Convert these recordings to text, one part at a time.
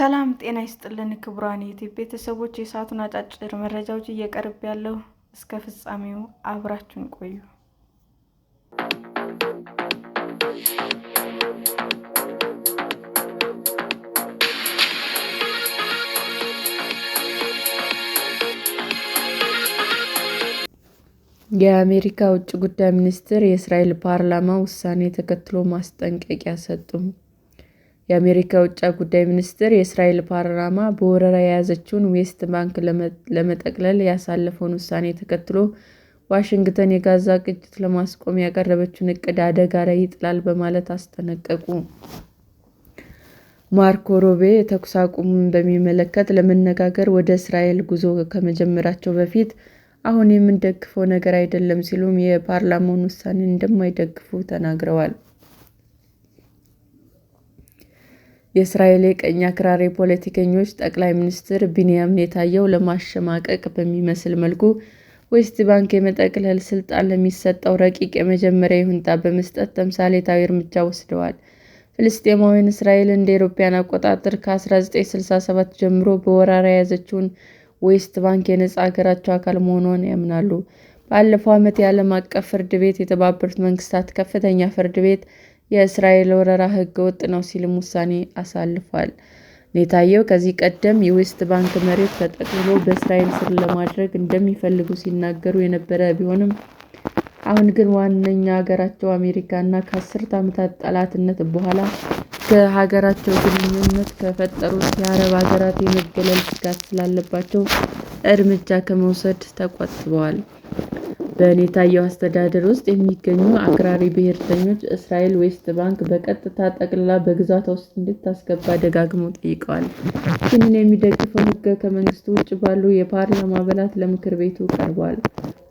ሰላም ጤና ይስጥልን ክቡራን ዩቲዩብ ቤተሰቦች፣ የሰዓቱን አጫጭር መረጃዎች እየቀርብ ያለው እስከ ፍጻሜው አብራችሁን ቆዩ። የአሜሪካ ውጭ ጉዳይ ሚኒስትር የእስራኤል ፓርላማ ውሳኔ ተከትሎ ማስጠንቀቂያ ሰጡ። የአሜሪካ ውጭ ጉዳይ ሚኒስቴር የእስራኤል ፓርላማ በወረራ የያዘችውን ዌስት ባንክ ለመጠቅለል ያሳለፈውን ውሳኔ ተከትሎ ዋሽንግተን የጋዛ ግጭት ለማስቆም ያቀረበችውን እቅድ አደጋ ላይ ይጥላል በማለት አስጠነቀቁ። ማርኮ ሩቢዮ የተኩስ አቁሙን በሚመለከት ለመነጋገር ወደ እስራኤል ጉዞ ከመጀመራቸው በፊት አሁን የምንደግፈው ነገር አይደለም ሲሉም የፓርላማውን ውሳኔ እንደማይደግፉ ተናግረዋል። የእስራኤል የቀኝ አክራሪ ፖለቲከኞች ጠቅላይ ሚኒስትር ቢንያሚን ኔታንያሁ ለማሸማቀቅ በሚመስል መልኩ ዌስት ባንክ የመጠቅለል ስልጣን ለሚሰጠው ረቂቅ የመጀመሪያ ይሁንታ በመስጠት ተምሳሌታዊ እርምጃ ወስደዋል። ፍልስጤማውያን እስራኤል እንደ አውሮፓውያን አቆጣጠር ከ1967 ጀምሮ በወረራ የያዘችውን ዌስት ባንክ የነፃ ሀገራቸው አካል መሆኗን ያምናሉ። ባለፈው ዓመት የዓለም አቀፍ ፍርድ ቤት የተባበሩት መንግስታት ከፍተኛ ፍርድ ቤት የእስራኤል ወረራ ሕገ ወጥ ነው ሲልም ውሳኔ አሳልፏል። ኔታየው ከዚህ ቀደም የዌስት ባንክ መሬት ተጠቅልሎ በእስራኤል ስር ለማድረግ እንደሚፈልጉ ሲናገሩ የነበረ ቢሆንም አሁን ግን ዋነኛ ሀገራቸው አሜሪካ እና ከአስርት ዓመታት ጠላትነት በኋላ ከሀገራቸው ግንኙነት ከፈጠሩት የአረብ ሀገራት የመገለል ስጋት ስላለባቸው እርምጃ ከመውሰድ ተቆጥበዋል። በኔታየው አስተዳደር ውስጥ የሚገኙ አክራሪ ብሔርተኞች እስራኤል ዌስት ባንክ በቀጥታ ጠቅልላ በግዛቷ ውስጥ እንድታስገባ ደጋግሞ ጠይቀዋል። ይህንን የሚደግፈው ሕግ ከመንግስቱ ውጭ ባሉ የፓርላማ አባላት ለምክር ቤቱ ቀርቧል።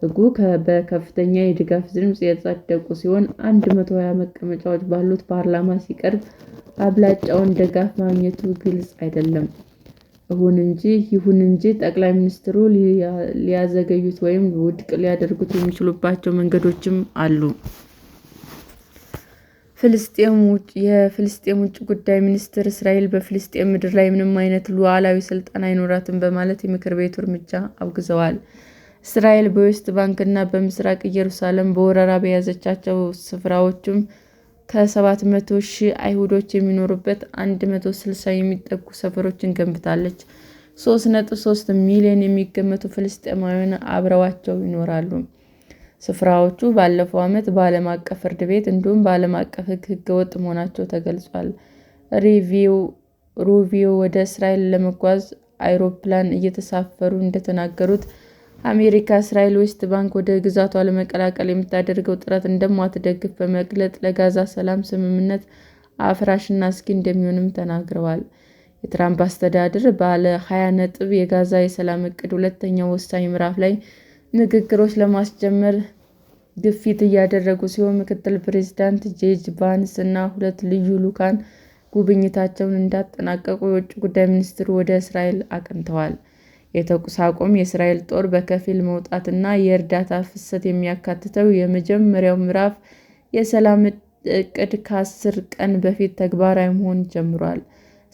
ሕጉ በከፍተኛ የድጋፍ ድምፅ የጸደቁ ሲሆን 120 መቀመጫዎች ባሉት ፓርላማ ሲቀርብ አብላጫውን ድጋፍ ማግኘቱ ግልጽ አይደለም። ይሁን እንጂ ይሁን እንጂ ጠቅላይ ሚኒስትሩ ሊያዘገዩት ወይም ውድቅ ሊያደርጉት የሚችሉባቸው መንገዶችም አሉ። የፍልስጤም ውጭ ጉዳይ ሚኒስትር እስራኤል በፍልስጤም ምድር ላይ ምንም ዓይነት ሉዓላዊ ስልጣን አይኖራትም በማለት የምክር ቤቱ እርምጃ አውግዘዋል። እስራኤል በዌስት ባንክ እና በምስራቅ ኢየሩሳሌም በወረራ በያዘቻቸው ስፍራዎችም ከ700 ሺህ አይሁዶች የሚኖሩበት 160 የሚጠጉ ሰፈሮችን ገንብታለች። 3.3 ሚሊዮን የሚገመቱ ፍልስጤማውያን አብረዋቸው ይኖራሉ። ስፍራዎቹ ባለፈው ዓመት በዓለም አቀፍ ፍርድ ቤት እንዲሁም በዓለም አቀፍ ሕግ ወጥ መሆናቸው ተገልጿል። ሩቢዮ ወደ እስራኤል ለመጓዝ አይሮፕላን እየተሳፈሩ እንደተናገሩት አሜሪካ እስራኤል ዌስት ባንክ ወደ ግዛቷ ለመቀላቀል የምታደርገው ጥረት እንደማትደግፍ በመግለጥ ለጋዛ ሰላም ስምምነት አፍራሽና አስጊ እንደሚሆንም ተናግረዋል። የትራምፕ አስተዳደር ባለ 20 ነጥብ የጋዛ የሰላም እቅድ ሁለተኛው ወሳኝ ምዕራፍ ላይ ንግግሮች ለማስጀመር ግፊት እያደረጉ ሲሆን ምክትል ፕሬዚዳንት ጄጅ ቫንስ እና ሁለት ልዩ ልዑካን ጉብኝታቸውን እንዳጠናቀቁ የውጭ ጉዳይ ሚኒስትሩ ወደ እስራኤል አቅንተዋል። የተኩስ አቁም የእስራኤል ጦር በከፊል መውጣትና የእርዳታ ፍሰት የሚያካትተው የመጀመሪያው ምዕራፍ የሰላም ዕቅድ ከአስር ቀን በፊት ተግባራዊ መሆን ጀምሯል።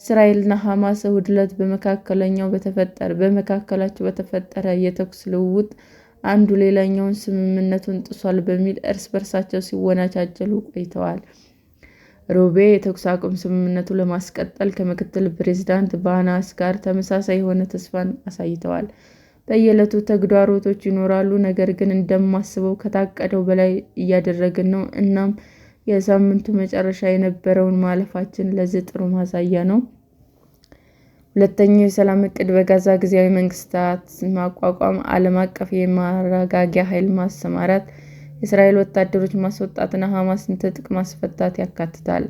እስራኤልና ሐማስ እሁድ ዕለት በመካከለኛው በተፈጠረ በመካከላቸው በተፈጠረ የተኩስ ልውውጥ አንዱ ሌላኛውን ስምምነቱን ጥሷል በሚል እርስ በርሳቸው ሲወነጃጀሉ ቆይተዋል። ሩቤ የተኩስ አቁም ስምምነቱ ለማስቀጠል ከምክትል ፕሬዚዳንት ባናስ ጋር ተመሳሳይ የሆነ ተስፋን አሳይተዋል። በየዕለቱ ተግዳሮቶች ይኖራሉ፣ ነገር ግን እንደማስበው ከታቀደው በላይ እያደረግን ነው። እናም የሳምንቱ መጨረሻ የነበረውን ማለፋችን ለዚህ ጥሩ ማሳያ ነው። ሁለተኛው የሰላም እቅድ በጋዛ ጊዜያዊ መንግስታት ማቋቋም፣ ዓለም አቀፍ የማረጋጊያ ኃይል ማሰማራት የእስራኤል ወታደሮች ማስወጣትና ሐማስን ትጥቅ ማስፈታት ያካትታል።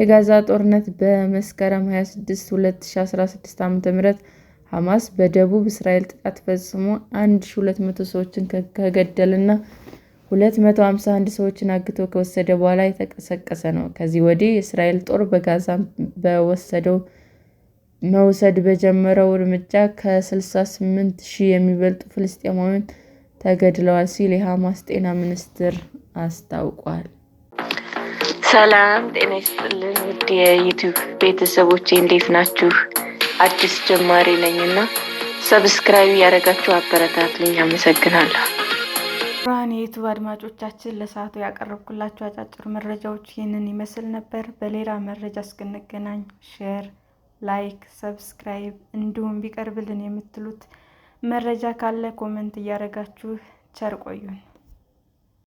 የጋዛ ጦርነት በመስከረም 26 2016 ዓ.ም ሐማስ በደቡብ እስራኤል ጥቃት ፈጽሞ 1200 ሰዎችን ከገደለና 251 ሰዎችን አግቶ ከወሰደ በኋላ የተቀሰቀሰ ነው። ከዚህ ወዲህ የእስራኤል ጦር በጋዛ በወሰደው መውሰድ በጀመረው እርምጃ ከ68 ሺህ የሚበልጡ ፍልስጤማውያን ተገድለዋል ሲል የሐማስ ጤና ሚኒስቴር አስታውቋል። ሰላም ጤና ይስጥልን ውድ የዩቱብ ቤተሰቦች እንዴት ናችሁ? አዲስ ጀማሪ ነኝ እና ሰብስክራይብ ያደረጋችሁ አበረታቱኝ። አመሰግናለሁ። ብርሃን የዩቱብ አድማጮቻችን ለሰዓቱ ያቀረብኩላችሁ አጫጭር መረጃዎች ይህንን ይመስል ነበር። በሌላ መረጃ እስክንገናኝ ሼር፣ ላይክ፣ ሰብስክራይብ እንዲሁም ቢቀርብልን የምትሉት መረጃ ካለ ኮመንት እያደረጋችሁ ቸር ቆዩን።